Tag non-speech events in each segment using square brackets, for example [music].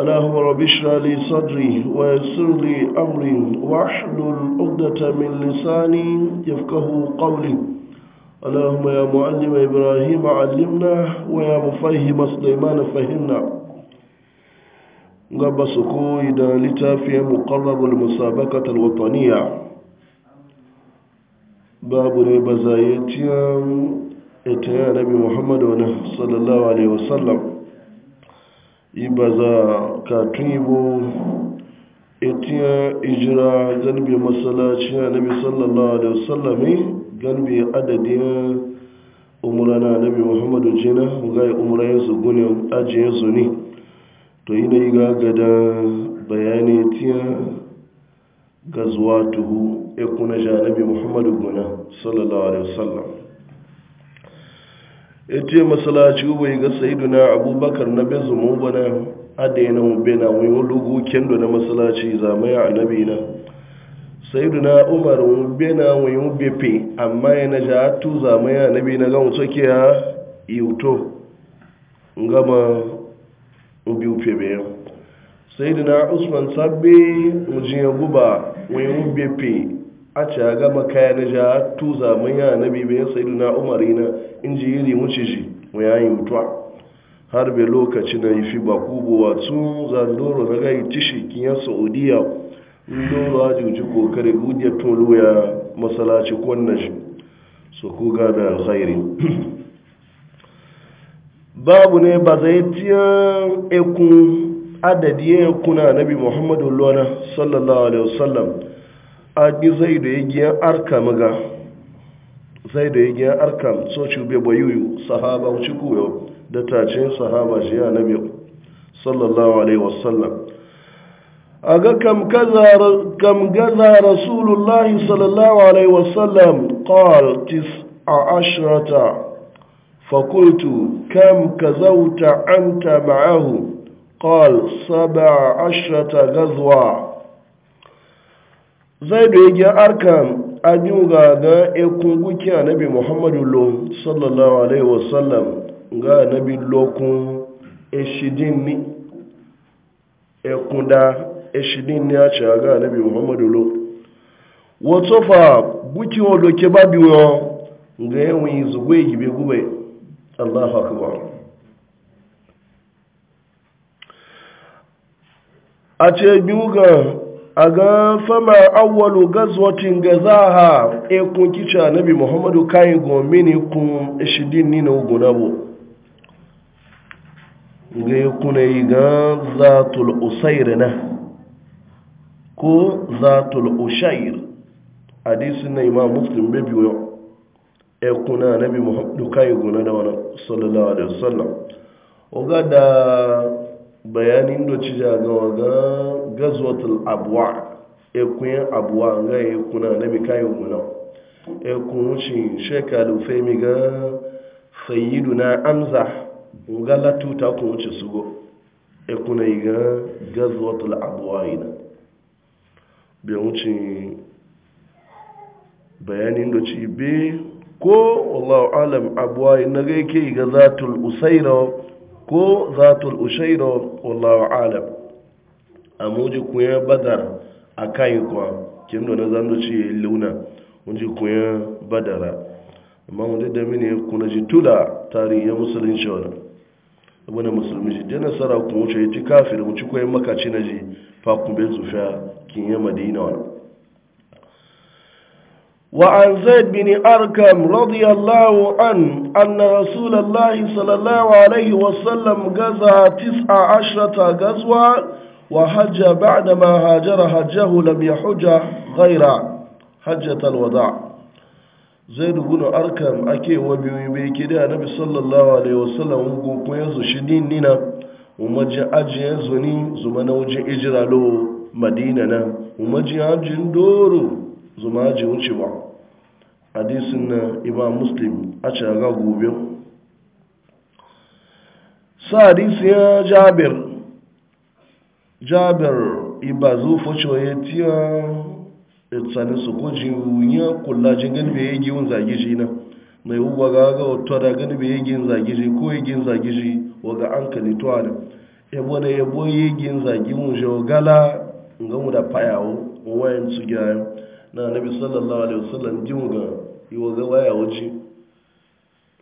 اللهم رب اشرح لي صدري ويسر لي امري واحلل عقدة من لساني يفقه قولي اللهم يا معلم ابراهيم علمنا ويا مفهم سليمان فهمنا غب سكوي دالتا في مقرب المسابقة الوطنية باب بزايتيا اتيا نبي محمد صلى الله عليه وسلم ibaza ka tunibu etiya ijira ganbe masalaci annabi sallallahu alaihi wasallam ganbe adadin umurana annabi muhammadu jina ga su gune su ne to yi da yi gagada bayani tiyan zuwa tuhu ya kuna sha annabi muhammadu guna sallallahu alaihi wasallam ete masalaci ubai ga sayiduna abubakar na bezu mu bana na mu bena mu lugu kendo na masalaci zamaya annabi na sayiduna umar mu bena mu bepe amma yana ja tu zamaya annabi na ga mu soke ya yuto ngama ubi saidu sayiduna usman sabi mu jiya guba mu bepe a ci a gama kaya na ja tu mun ya na bibiyan sayidu na umari na yiri muci ji mu yayi mutuwa har bai lokaci na yi fi buwa tun zandoro na gai tishi kiyan saudiya ndoro a juji kokari gudiya tolo ya masalaci kwanna shi su ku gada alkhairi [clears throat] babu ne ba zai tiya ekun adadi ya kuna nabi muhammadu lona sallallahu alaihi wasallam aji zai da yagiyan arkam ga zai da yagiyan arkam so ci be bayuyu sahaba wuce kuyo da tace sahaba shi ya nabi sallallahu alaihi wasallam a ga kaza kam gaza rasulullah sallallahu alaihi wasallam tis a ashirata fakultu kam kazauta anta ma'ahu قال سبع ashirata غزوة zaidu ya arkan arkam abin gaga e kunguki a nabi muhammadu lo sallallahu alaihi wasallam ga nabi lokun eshidin ni ekunda eshidin ni a ce ga nabi muhammadu lo wato fa guki wa doke babi wọn ga yawon zugwe gibe gube allahu akbar a ce biyu ga a ga fama awwalu gazwatin za ha kun kicha nabi muhammadu kayan gomini kun shidin ni na uguna bu ga yi kuna yi e ga zatul usair na ko zatul ushair hadisi na imam muslim bebi biyo e na nabi muhammadu kayan gona da wani sallallahu alaihi wasallam oga bayanin da ci jagawa ga gazwatul abuwa ekuyen abuwa ga ya na mikayin muna ekun wucin shekaru femi ga sayidu na amza ga tuta kun wuce su ekuna yi ga gazwatul abuwa ina bai bayanin da ci be ko wallahu alam abuwa na ga yake ga zatul usaira ko zatul ushairo wallahu alam a muji kuya badar a kayi kwa kim da na zanu ci luna muji kuya badara amma wanda da mini kuna ji tula tari ya musulun shawar ne musulmi ji da nasara kuma wuce ya ci kafin mu ci kuwa makaci na ji fa kuma bai zufa kin yi madina wani وعن زيد بن أركم رضي الله عنه أن رسول الله صلى الله عليه وسلم غزا تسع عشرة غزوة وحج بعدما هاجر حجه لم يحج غير حجة الوداع زيد بن أركم أكي وبيبي كده النبي صلى الله عليه وسلم وقوكم يزو شدين نينا ومجي أجي يزو ني زمنا وجي إجرالو مدينة ومجي أجي ندورو zuma ji wuce ba hadisin na imam muslim a ga gobe sa hadisi ya jabir jabir iba zufo ya tiya tsanin su ko jiya kula jin gani bai yi wun zage shi na mai uwa ga ga wata da gani bai yi zage shi ko yi zage shi waga an kalituwa da yabo da yabo yi zage wun shi gala ga mu da fayawo wayan su gyayo na nabi sallallahu alaihi wasallam jin iwo ga waya wuce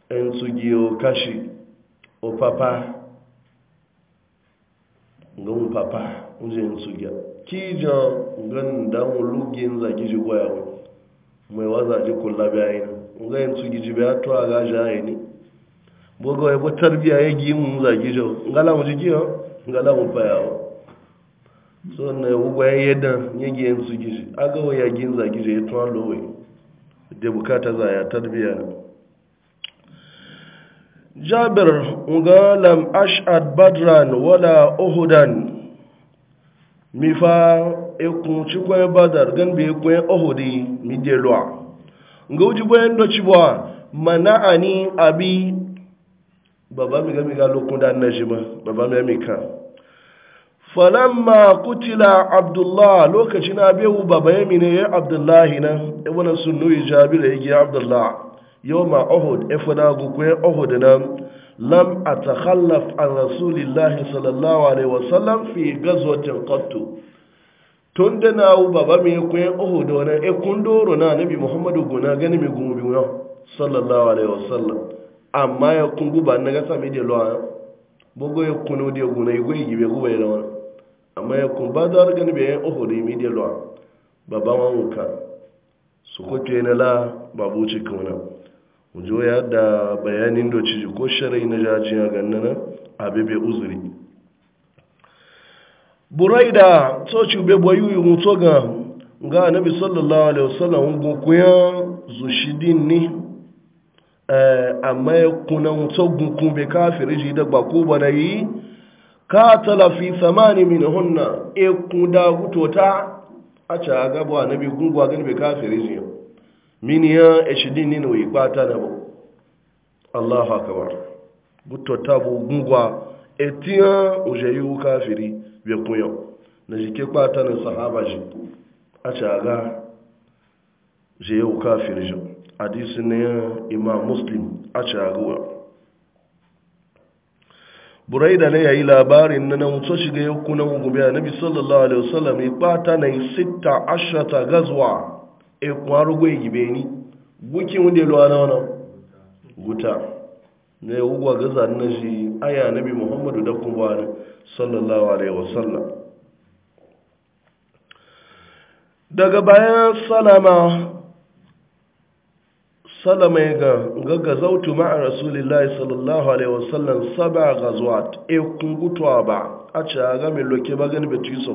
en su giyo kashi o papa ngan papa unje en su giya kija ngan da mu en zaki ji waya wu mai waza ji kula ayin ngan en su giji bi to ga jaye ni bogo e bo tarbiya ya gi mun za gijo ngala mu ji giyo ngala mu payawo so na ugwa ya yi dan yage yin su gishi agawa ya gin ya tuwa lowe da bukata za ya tarbiya jabir ga lam ash'ad badran wala uhudan mifa ekun cikwe badar gan bi ekun uhudi mi de loa nga uji bo endo chibwa mana'ani abi baba mi ga mi ga lokunda na jima baba mi ga mi ka falamma kutila abdullah lokacin abewu baba ya mine ya abdullahi nan ibn sunnu jabir ya giya abdullah yau ma ohud ko gukwe ohud nan lam a atakhallaf an rasulillahi sallallahu alaihi wasallam fi gazwatin qattu tun da na wu baba mai kwe ohud wani ekun doro na nabi muhammadu guna gani mai gumu gumubi na. sallallahu alaihi wasallam amma ya kungu ba na gasa mai da lo'a bugo ya kuno da guna igwe igibe gubai da wani amma ya kun ba za a gani bayan uhud immediate ba ba wa muka su kuke na la babu ci kauna ujo ya da bayanin doci ci ko sharai na jaji ya gannana abebe uzuri buraida so ci be boyu mu to ga ga annabi sallallahu alaihi wasallam gun kuya zushidin ni eh amma kuna to gun kun be kafiri ji ba ko yi katala fi samani min hunna e kuda gutota a a na bi gungwa gani bai kafiri su yau min ya eshidin ne wai kwata na ba allahu akabar gutota bu gungwa etiyan ujayu kafiri bai kun yau na jike kwata na sahaba ji a ci a ga je yau na imam muslim a ci gawa buraida ne ya yi labarin na nan wato shiga ya kuna na annabi sallallahu alaihi wasallam ya bata na sita ashata gazwa e kwaru gwe gibe ni buki wunde lo ana wana guta ne ugwa gaza na shi aya nabi muhammadu da kuma sallallahu alaihi wasallam daga bayan salama salama ga gazautu ma'a rasulillahi sallallahu alaihi wasallam saba gazuwat e kungutuwa ba a ce a gamin loke bagani betu su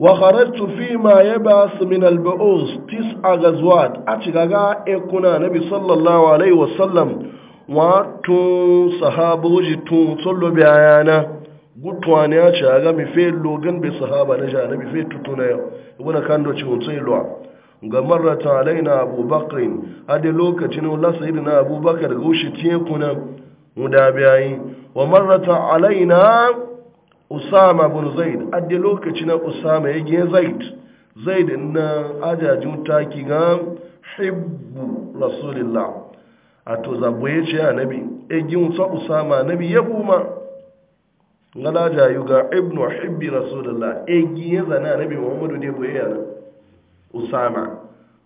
wa kharajtu fi ma min al-bu'us tis'a ghazwat a ci gaga e kuna nabi sallallahu alaihi wasallam wa to sahabuji tun sallo bayana gutwa ne a ci fe logan sahaba na ga marratan alaina abubakarin hadi lokacin lasairi na abubakar gushi tiye kuna muda biyayi wa marratan alaina usama bin zaid hadi lokacin usama ya gina zaid zaid na ajajin taki ga hibbu rasulillah a to zabo ya ce anabi egin sa usama nabi ya buma ngala jayu ga ibnu hibbi rasulillah egin ya zana nabi muhammadu ne boye yana usama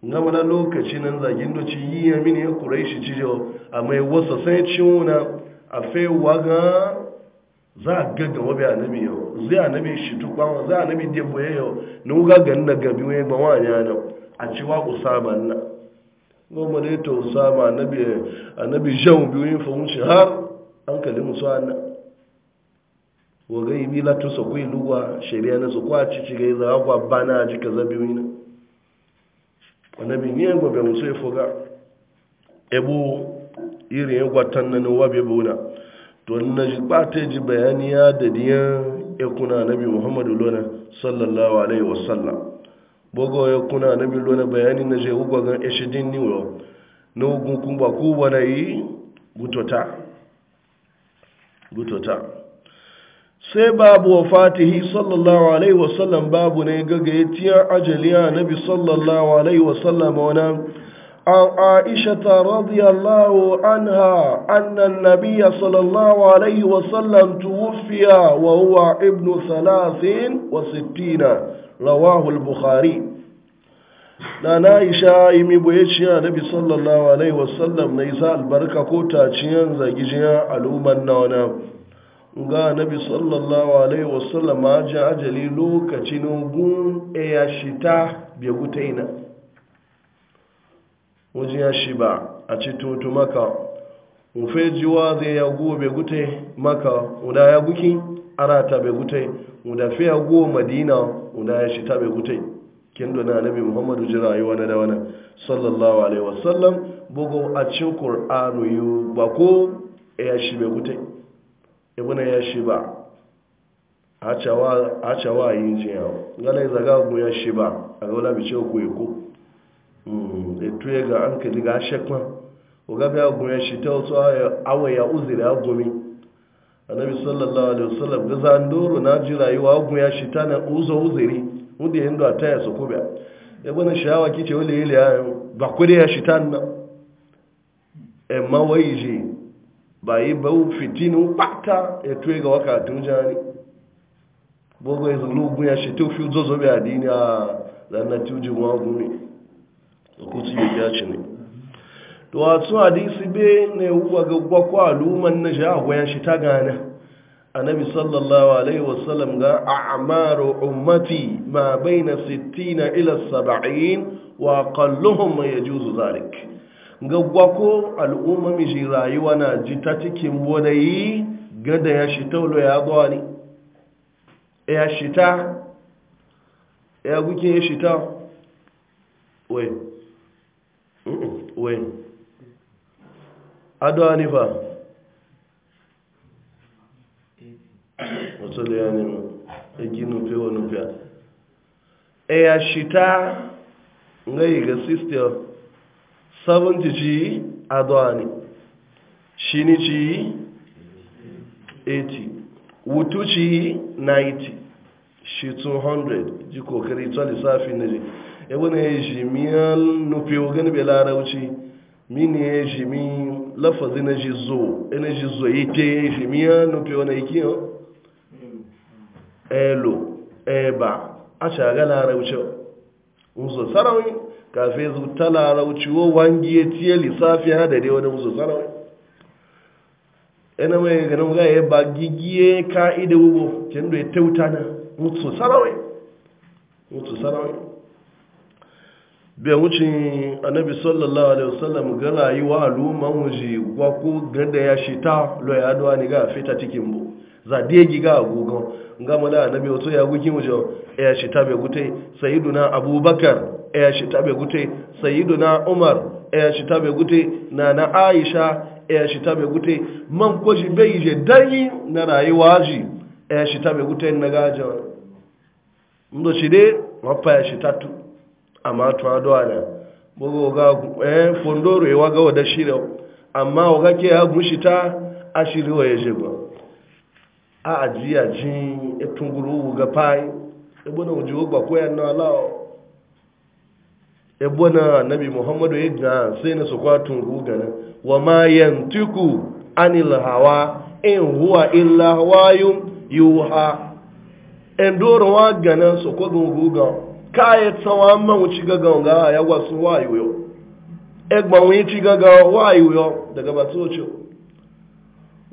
nga mana lokaci nan zagin doci yi ya mini ya kurai shi cijo a mai wasa sai ciwuna a fewa ga za a gaga wabi anabi yau zai anabi shi tukwa za a anabi debo ya yau na wuga ga na gabi wani ba wani yana a ciwa usama na goma da ita usama anabi anabi jan biyu yin fahimci har an kalli musu ana waga yi bi latin sa kuyi luwa shari'a na su kwaci ci ga yi za a bana a jika zabi wani annabi ni yan gobe musu ya foga ebu irin yan gwatan nan wabe buna to na ji bata ji bayani ya da diyan ya kuna nabi muhammadu lona sallallahu alaihi wasallam bogo ya kuna nabi lona bayani na je ugwa gan eshidin ni wo na ugun kun ba ku bana yi gutota gutota sai babu wa fatihi sallallahu alaihi wasallam babu ne gagayetiyar ajaliya nabi sallallahu alaihi wasallam wana an aishata radiyallahu anha annan nabiya sallallahu alaihi wasallam tuwufiya wa huwa ibnu salasin wa sittina rawahu al-bukhari na na isha yi mi boye ciya nabi sallallahu alaihi wasallam na isa albarka ko taciyar zagijiyar al'ummar na wani ga nabi sallallahu alaihi wasallam a ji ajali lokacin ogun ya shita bai guta ina wajen ya shi ba a ci tutu maka ufe jiwa zai ya guwa bai guta maka wuda ya guki arata bai guta wuda fi ya guwa madina wuda ya shita bai guta kin dona nabi muhammadu ji rayuwa na da wani sallallahu alaihi wasallam bugu a cin kur'anu yi ba ko ya shi bai guta ibina ya shi ba a cewa yi jiya gana yi zaga gun ya shi ba a ga wula bice ku yi hmm, etu ya ga an kadi ga shekwa uga biya gun ya shi ta wasu awa ya uziri ya gumi annabi sallallahu alaihi wasallam ga zandoro na ji rayuwa gun ya shi ta na uzo uziri wanda yin ga ta ya su kubiya ibina shawa kice wale yi liya ba kuri ya shi ta na emma wai ji ba yi bau fitinin pata ya tuwe ga wakatun jani gbogbo ya zulu gun ya shetu fi zozo bi adini a ranar tuji wa gumi da kuci ya ci ne to wasu hadisi be ne wuwa ga gbakwa aluman na sha goyan shi ta gana annabi sallallahu alaihi wasallam ga a'maru ummati ma baina 60 ila 70 wa qalluhum yajuzu zalik gaggwa ko al'umma miji rayuwa na ji ta cikin wadayi gada ya shi taulo ya zuwa ne ya shi ta ya gukin ya shi ta wai wai adawa ne fa da e e ya nema ya gino fewa a ya shi ta ngai ga sister seventy ji adwani shi ni ji eighty wutu ji ninety shi 200 ji kokari ta lissafi na ji ebe na ya ji miyan nufi ogun belarauci mini ya ji mi lafazi na ji zo ina ji zo ike ya ji miyan nufi wani ikiyan elo eba a shagala rauce nzo sarawin kafe su tana wo wangi ya ciye lissafi ha da dai wani musu sana wai ina mai ganin ga ya ba gigiye ka'ida wubo kin da ya tauta na musu sana musu mutu sana wai bai wucin annabi sallallahu alaihi wasallam ga rayuwa al'umman wuji gwa gada ya shita lo ya adwa ni ga fita cikin bu za degi ga agogon ga mala annabi wato ya gugin wujo ya shita bai gute sayiduna abubakar ya shi tabe gute sayyiduna umar ya shi tabe gute nana aisha ya shi tabe gute man koji bai je dani na rayuwa ji ya shi tabe gute na gaja ndo shi de mafa ya shi tatu amma to adwa na bogo ga eh fondoro ya waga wada shiro amma waga ke ya gushita ashiri wa yaje ba a ajiya jin etunguru ga pai ebono ujiwo gba ko ya na lawo ebona nabi muhammadu ya ga sai na su kwatun rugana wa ma yantiku anil hawa in huwa illa wayun yuha endoro wa gana su ko guga kaye tsawa man wuci gaga ga ya wasu wayu yo egba wi ci gaga wayu daga batocin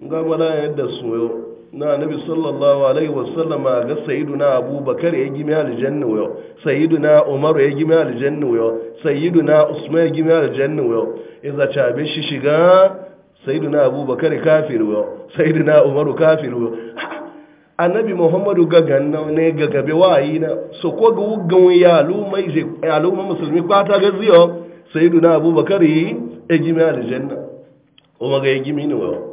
nga mala yadda su yau na nabi sallallahu alaihi wasallam ga sayyiduna abubakar ya gimi aljanna wayo sayyiduna umar ya gimi aljanna wayo sayyiduna usman ya gimi aljanna wayo idza chabe shi shiga sayyiduna abubakar kafir wayo sayyiduna umar kafir wayo [laughs] annabi muhammadu ga ganna ne ga gabe wayi na so ko ga wugan ya lumai je ya lumai musulmi kwata ga ziyo sayyiduna abubakar yi ya gimi aljanna umar ga ya gimi ne wayo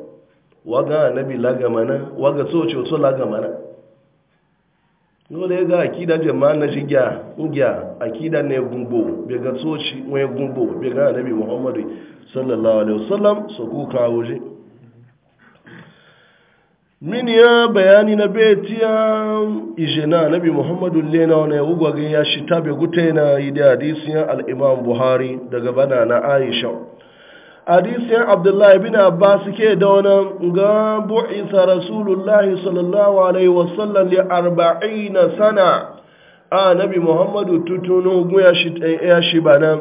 waga annabi lagamana waga tsoce so lagamana dole ga akida jama'a na shigya ngya akida ne gumbo be ga tsoci wai gumbo be ga annabi muhammadu sallallahu alaihi wasallam so ku kawo je min ya bayani na betiya ijena nabi muhammadu lena wani ugwagin ya shi tabe gutena idi hadisiyan al'imam buhari daga bana na aisha hadisin abdullahi bin Abba suke da wani ga bu'isa rasulullahi sallallahu alaihi wasallam li arba'ina sana a nabi muhammadu tutunu guya shi ya shi bana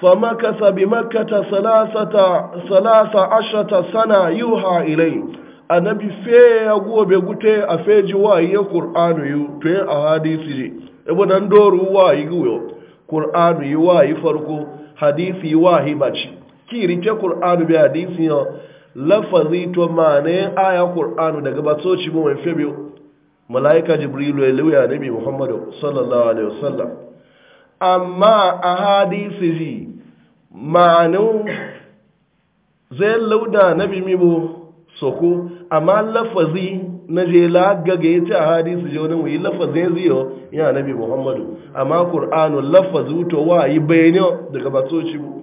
famakasa bi makkata salasata salasa ashata sana ha ilai annabi fe ya gobe gute a feji wa yi qur'anu yu to a hadisi ne ibo dan doru wa yi guyo qur'anu yi wa yi farko hadisi wa yi baci kiri ta qur'anu bi hadisi yo lafazi to mane aya Kur'anu daga batsoci mu mai febe malaika jibrilu ya lewa nabi muhammad sallallahu alaihi wasallam amma a hadisi ji ma'anu zai lauda nabi mi bo soko amma lafazi na je la ya ce a hadisi ji wani wuyi lafazin ziyo ya nabi muhammadu amma Kur'anu lafazu to wa yi bayani daga batsoci mu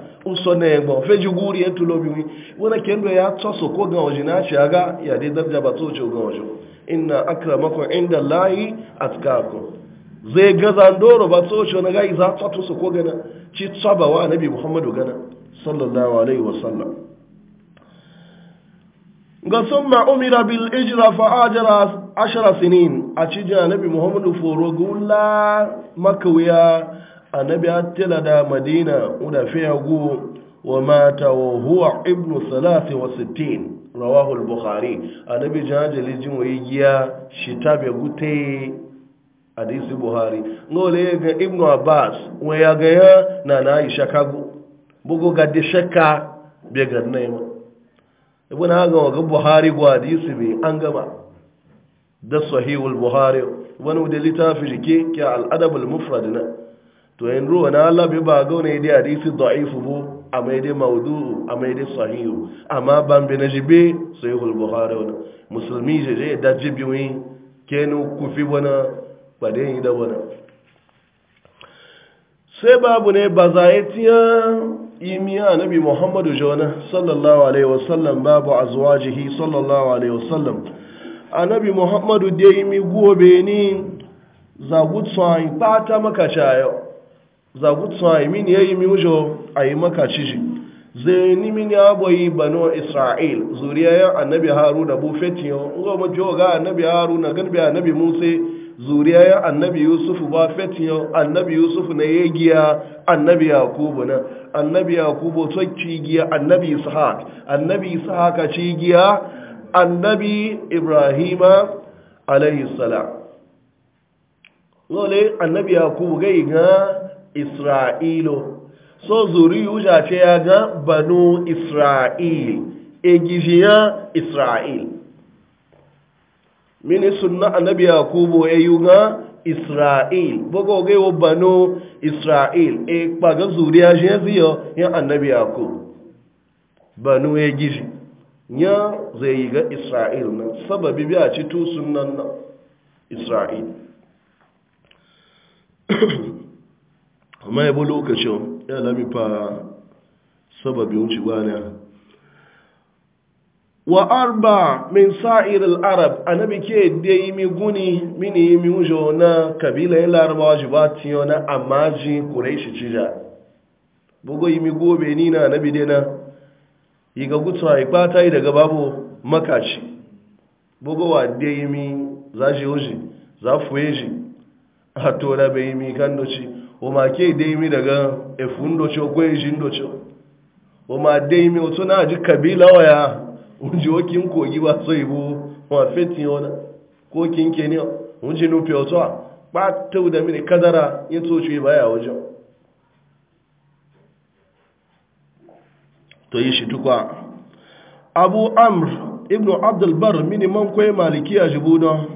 uso na egbo feji guri etu lobi wi wona kendo ya tsoso ko ga oji na shi aga ya de dabja ba to ce ga oji inna akramakum inda lahi atqakum zai gaza ndoro ba to ce na ga iza to so ko gana ci tsaba wa nabi muhammadu gana sallallahu alaihi sallam ga summa umira bil ijra fa ajara ashara sinin a ci nabi muhammadu foro gulla makawiya annabi attila da madina uda fiya gu wa mata wa huwa ibnu salasi wa sittin rawahu al-bukhari annabi jajali jin wa yigiya shi tabe gute hadisi buhari ngole ga ibnu abbas wa ya ga ya na na aisha kagu bugu ga de shakka be ga nema ibn haga ga buhari go hadisi be an gama da sahihul buhari wani da littafi ke ke al'adabul adab mufrad na to yin ruwa na Allah bai ba ga wani dai hadisi da'ifu bu a mai dai maudu, a mai dai sahihu amma ban bi na jibe sai hul bukhari wani musulmi je je da jibi wani kenu kufi wani kwade yi da wani sai babu ne ba za a yi tiya imiya bi muhammadu jona sallallahu alaihi wasallam babu jihi, sallallahu alaihi wasallam annabi muhammadu dai mi gobe ni zagutsu yi fata maka shayo zagutsu a imin ya yi miujo a yi maka ciji zai mini ya boyi bano isra'il zuriyayen annabi haru da bufetiyo ga majo ga annabi haru na garbi annabi musa zuriyayen annabi yusufu ba fetiyo annabi yusufu na yegiya annabi yakubu na annabi yakubu to cigiya annabi ishaq annabi ishaq cigiya annabi ibrahima alayhi salam lole annabi yakubu ga isra'ilu so zuri yuja ce ya ga banu isra'il egijiya isra'il mini sunna annabi kubo ya yi ga isra'il Boko ga wo banu isra'il e kpaga zuri shi ya ziyo ya annabi kubo banu egiji ya zai yi ga isra'il na sababi biya ci tu sunan isra'il [coughs] amma yabo lokacin ya lami fa sababi wuce bana wa arba min sa'ir al-arab anabi ke dai mi guni mini mi wujo na kabila ya larabawa ji ba tiyo na amaji quraishi jija bugo mi gobe ni na anabi dai na yi ga gutsa bata yi daga babu makaci bugo wa dai mi za shi wuji za fuye ji a tora bai mi kan doci o ma ke daimi daga efun docho gwenjin docho o ma daimi otu na ji kabila waya unji okin kogi ba so ibo wa na. ona ko kin ke ne unji nufi otu a ba ta da mini kadara yin toci baya wajen to yi shi tukwa abu amr ibn abdulbar mini man kwaye maliki a jibuna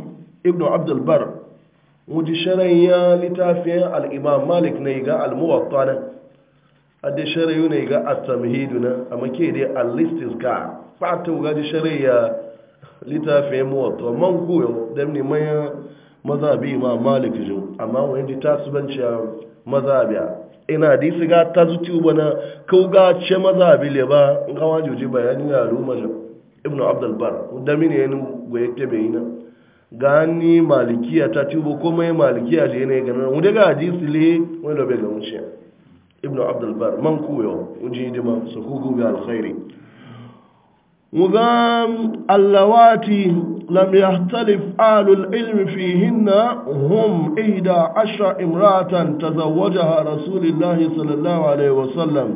ibn abdulbar wuji sharayya littafin al'imam malik na ga al-muwatta na adda sharayu na ga at-tamhidu na a make dai al-listis ka fata gaji sharayya littafin muwatta man koyo don neman mazabi imam malik jo amma wani ji tasibanci a mazabiya ina di su ga ta zuci uba na kauga ce mazabi le ba in kawo juji bayani yaro majo ibn abdulbar don mini yanin goyake bai yi gani malikiya ta tubo komai mai malikiya je ne ganin mu daga hadisi ne wani da bai ga wuce ibnu abdul bar man kuyo uji dima su kugu bi alkhairi muga um, allawati lam yahtalif alul ilmi fihinna hum ihda ashra imratan tazawwajaha rasulullahi sallallahu alaihi wasallam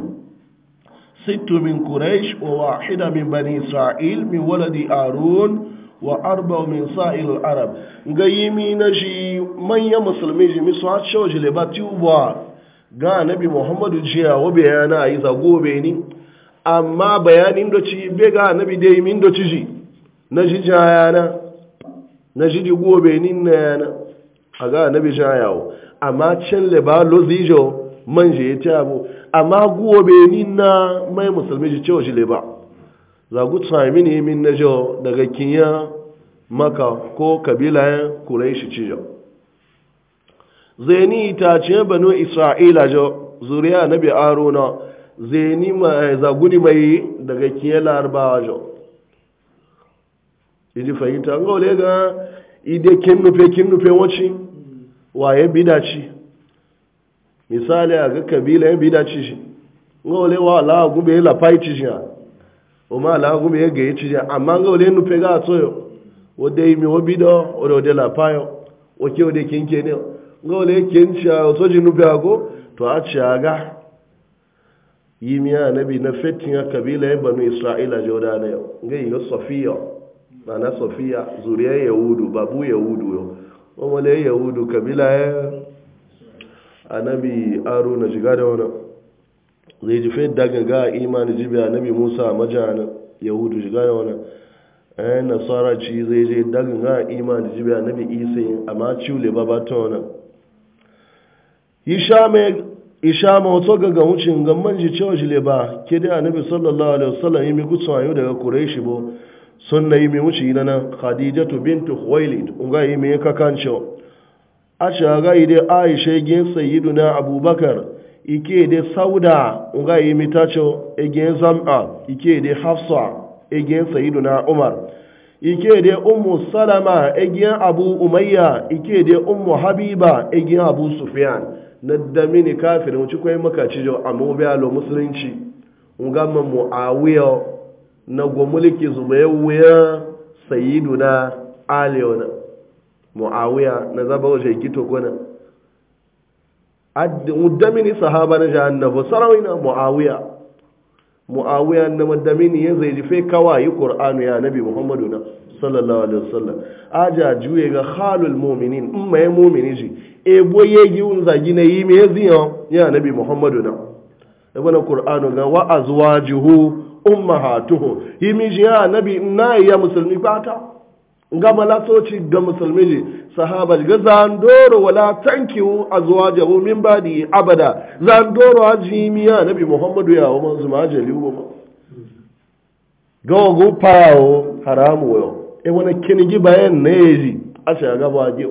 ست من قريش وواحدة من بني إسرائيل من ولد آرون wa arba min sa'il arab ga yimi na shi manya musulmi ji misu ha cewa jileba lebati ubuwa ga nabi muhammadu jiya wa bayana a yi zagobe ni amma bayanin da ci be ga nabi da yimin da ci ji na ji jayana na ji di gobe ni na yana a ga nabi wa amma can leba lozijo man je ya ta abu amma gobe ni na mai musulmi ji cewa jileba zagu tsami ne min na jau daga kinya maka ko kabilayen shi ci jau zaini ta ce banu isra'ila jau zuriya na bi aruna zaini eh, zaguni mai daga kinya larabawa jau idi fahimta an gaule ga ide kin nufe kin nufe wacce waye bidaci misali a ga kabilayen bidaci shi gaule wa la gube la ci shi oma alagu be ga yici ja amma ga wale nufe ga tsoyo wode mi wobi do ore ode la payo oke ode kinke ne ga wale kencha otoji ji ago agụ a achị aga yi miya nabi na fetin e ya kabila ya banu ji jordana yau ga nga ga sofiya mana sofiya zuriyar yahudu babu yahudu yau wani yahudu kabila ya anabi aro na shiga da wani zai ji fayar daga ga imani jibiya nabi musa majana yahudu shiga da wani ayan nasara ci zai je daga ga imani jibiya nabi isa yin amma ciwule ba ba ta wani isha ma wato gaga wucin gamman ji cewa jile ba ke da annabi sallallahu alaihi wasallam yi mi gutsu ayo daga quraishi bo na yi mi wuci nana khadijatu bintu khuwailid unga yi mai kakancewa a ga shaga ide aisha gin duna abubakar ike da sauda uga yi mitacho egen zam'a ah, ikede hafsa egen sayiduna umar ikede da ummu salama egen abu umayya ikede da ummu habiba egen abu sufyan na damini kafir mu cikwai makaci jo amma bi alo musulunci uga mu muawiya na gwamulki na Aliyu aliyo na muawiya na zaba wajen gito gona muddamini sahaba na jahannaba sarawai na mu'awiya mu'awiya na muddamini ya zai jife yi qur'anu ya nabi muhammadu na sallallahu alaihi wasallam aja juye ga halul mu'minin in mai mu'mini ji e boye yi un zagi na yi me ziyo ya nabi muhammadu na ibn e qur'anu ga wa azwajuhu ummahatuhu yi mi ji ya nabi na ya musulmi kwata gama malatoci ga musulmi ne sahaba ga zandoro wala tankiwu azwajahu min di abada zandoro na nabi muhammadu ya wa manzu majali wa ma ga go pawo haramu yo e wani kinigi bayan neji a ga ba je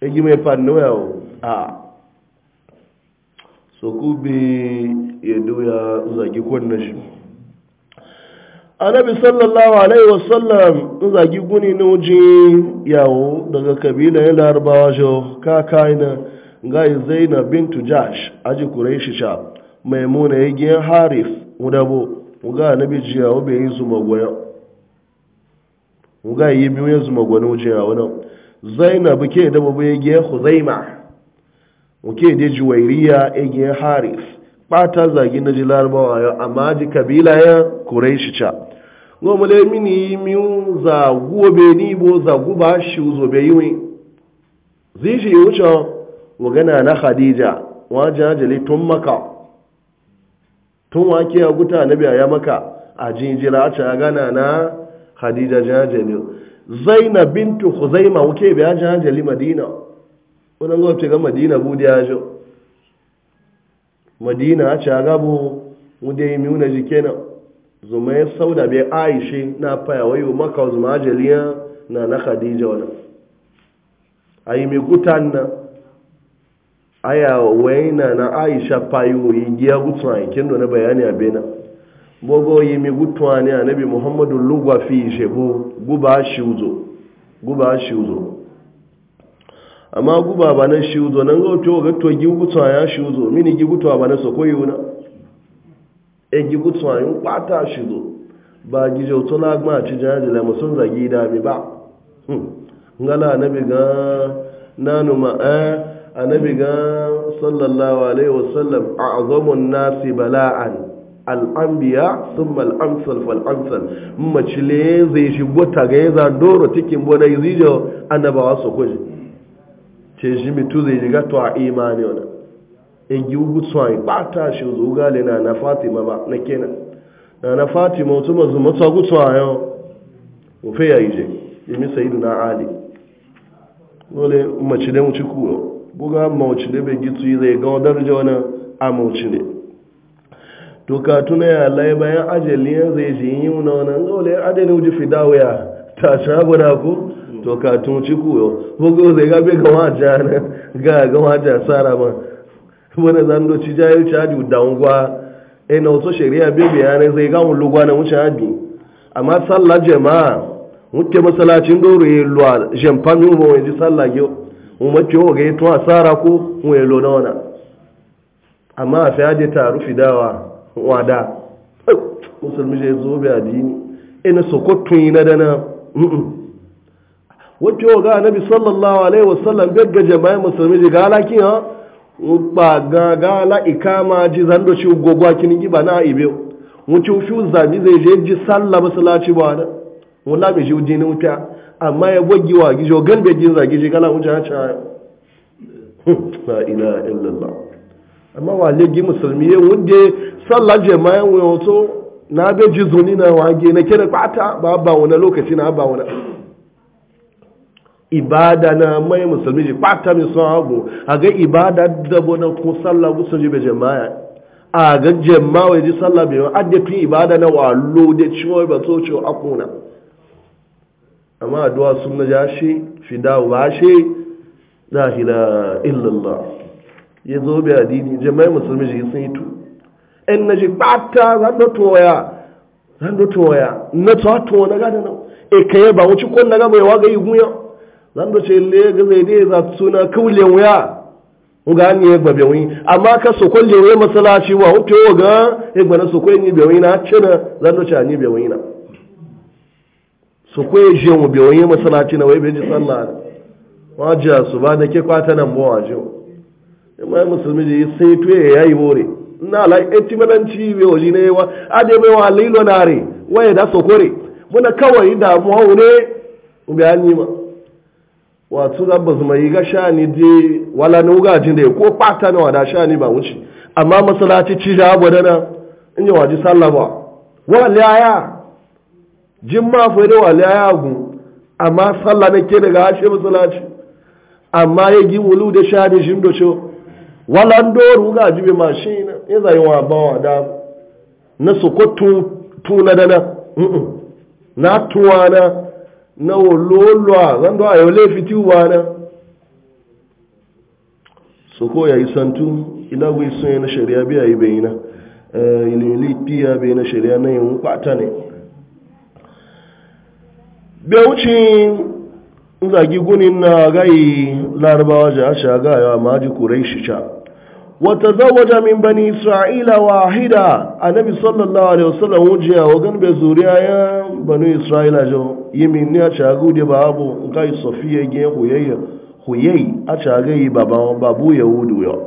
e gi me panno yo a so ku bi ya ya zagi kwanna shi annabi sallallahu alaihi wasallam in zagi guni na wuji yawo daga kabilan larabawa jo ka kaina gai zaina bintu jash aji quraishi sha maimuna yagiyan harif mudabo muga annabi yawo bai yi zuma gwaya muga yi biyu ya zuma gwani wuji yawo nan zainab ke da babu yagiyan khuzaima muke da juwairiya yagiyan harif ta zagi na ji larabawa yau amma ji kabila ya quraishi cha no mule mini mi za guobe ni bo za guba shi zo be yiwi wuce yucho gana na khadija wajen jale tun maka tun wake ya guta na biya ya maka a jinjira a ca gana na khadija jajali zainab bintu khuzaima wuke biya jajali madina wannan gwamnati ga madina bude ya jo madina a a gabo mu dai miuna jikenan zuma ya da bai aishi na faya wayo maka zuma ajaliya na na khadija wani a yi mai gutan na aya waina na aisha fayo yi giya gutsun a kin na bayani a bena bogo yi mai gutuwa ne a nabi muhammadu lugwa fi shebu guba shi uzo guba shi uzo amma guba ba na shi uzo nan ga to ga to gi gutsun ya shi uzo mini gi gutwa ba na sokoyi wuna egi gutsu a yin kwata zo ba gije wato na agba ci jana jila musun zagi da mi ba hmm. ngala anabi ga nanu ma eh anabi ga sallallahu alaihi wasallam a'zamun nasi bala'an al'ambiya sun mal'amsal fal'amsal macile zai shigo ta ga yaza doro cikin bona izijo annabawa su kuji ce shi mitu zai shiga to a imani wani egi ugutsuwa ipata shi uzugale na na fatima ba na kena na na fatima otu mazu matsa gutsuwa o ofe ya ije imi sayidu na ali dole mace da muci kuro buga mauci gitu zai ga wadar na a mauci ne to ka tuna ya lai bayan zai ji yi na wani dole adani uji fi dawaya ta shaguna to ka tun zai ga ga ga ga sara ba wani zando ci ja yau da ngwa e na wato shari'a bai bayanai zai ga lugwa na wuce hajji amma tsalla jama'a muke masalacin doro yi luwa jamfan mu ba wani sallah yau mu mace yau ga tuwa tsara ko wani lona wana amma a fi hajji ta rufi dawa wada musulmi zai zo bi addini ina e sokotun yi na dana wacce yau ga annabi sallallahu alaihi wasallam bai ga jama'a musulmi zai ga alakin ha ba gaga la ikama ji zando ci gogwa kini giba na ibe mu ci shu zami zai je ji sallah masallaci ba na mu la mi ji udini uta amma ya gogi wa ji gan be jin zagi ji kala uta cha la ilaha illallah amma wa le gi musulmi ye wudde sallah jama'a wo to na be ji zuni na wage na kira kwata ba ba wani lokaci na ba wani ibada na mai musulmi ji kwata mai sun hagu a ga ibada da bona ko sallah gusun ji be jama'a a ga jama'a ji sallah be adafin ibada na walo da ciwo ba so ciwo akuna amma addu'a sun na jashi fidawo ba shi na ilaha illallah ya zo bi adini jama'a musulmi ji sun yi tu in na ji kwata zan do toya zan do toya na to tuwa na ga na e kai ba wuci ko na ga mai waga yi gunya zan da ce le ga zai dai za suna kawulen wuya ga ni ya gbabe wani amma ka so kwalle wani masalaci wa hutu yau ga ya gbana so kwalle ni bewai na cina zan da ce ni bewai na so kwalle je mu bewai masalaci na wai bai ji sallah wajiya su ba da ke kwata nan ba wajiya imai musulmi da sai tuye ya yi bore na la eti malanci be wali ne wa ade be wa lilo nare waye da sokore muna kawai da mu haure ubi ma. wato za ba zuma yi ga shani je wala na wugajin da ya ko pata na wada shani ba wuce amma masalaci ci da abu dana in yi waji sallah ba walaya jin ma fa da walaya gu amma sallah na ke daga hashe masalaci amma ya gi wulu da shani shin do cho wala ndo ruga jibe mashin ya zai wa ba wa da na sokotu tuna dana na na. na wo zan do ayo le fiti wana so ko ya isantu Ina wi so na sharia bi ay beina eh ni li ti ya na sharia na yin kwata ne be uchi nza gi guni na gai larba waja asha ga ya maji quraish cha wa tazawaja min bani isra'ila wahida anabi sallallahu alaihi wasallam wuje ya wagan be zuriya ya bani isra'ila jo yi min ne a cagu de ba abu in ka yi sofiya gen huyayya huyayi a cagayi baban babu yahudu yau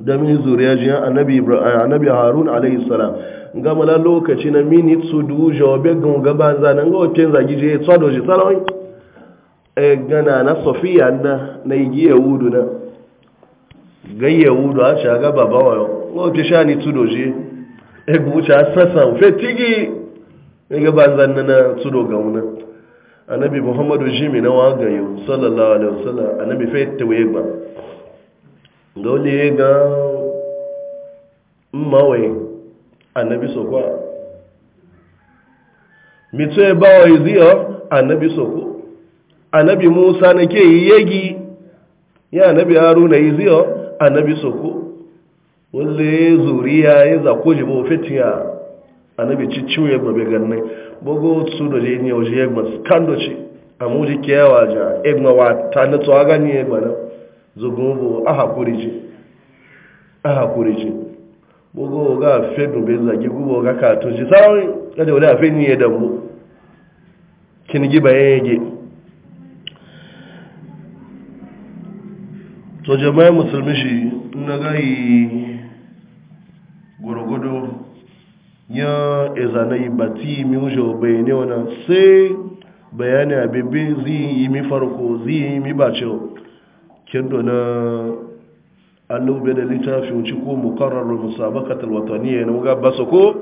da min zuriya jiyan annabi harun alayhi salam nga mala lokaci na mini su du obe gun gaba na nga wakin zagi je tsado ji tsarawai e gana na sofiya na na yi yahudu na ga yahudu a caga babawa yau ga wakin sha ni tudo je e gubuta sassan fetigi ya ga ba zanna na tsuro ga wuna annabi muhammadu jimi na waga yau sallallahu alaihi wasallam annabi fa yatta waye ba ga mma ga mawai annabi so kwa mito ya ba wa ziyo annabi so ko annabi musa na ke yi yegi ya annabi haruna ziyo annabi so ko wale zuriya ya zakoji ba fitiya anabi cicciu ya mabe ganin bogo su da je ni oje yegma skando ci amu ji kewa ja egma wa ta na to aga ni egma na zogun bo aha kuriji aha kuriji bogo ga fedu be zagi gubo oga ka to ji ya da wala fe ni edan bo kin gi ba yege to jama'a musulmi shi na gai gurgudu ya izanai bati mi wujo bayani wannan sai bayani abebe zi yi mi farko zai yi mi bace kendo na allube da littafi wuce ko mukarrarul musabaqatul wataniyya na ga baso ko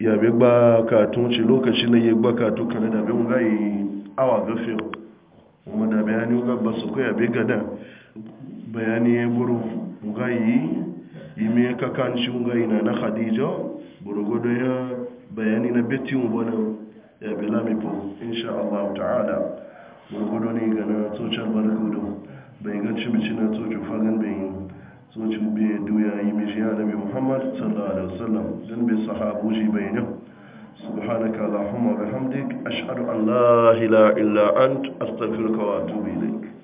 ya be gba katun ci lokaci na ya gba katu kana da be mun ga yi awa gafe kuma da bayani ga baso ko ya be gada bayani ya buru muga ga yi yi ka kan shi ga ina na khadija gurgudu ya bayani na betin wani ya bilamifo insha Allah ta'ala gurgudu ne ga na tsohon barkudu bai ga cibici na tsohon fagen bayin tsohon bai duya yi mishi ya nabi muhammad sallallahu alaihi wasallam don bai sahabu shi bayanin سبحانك اللهم وبحمدك أشهد أن لا إله إلا أنت أستغفرك وأتوب إليك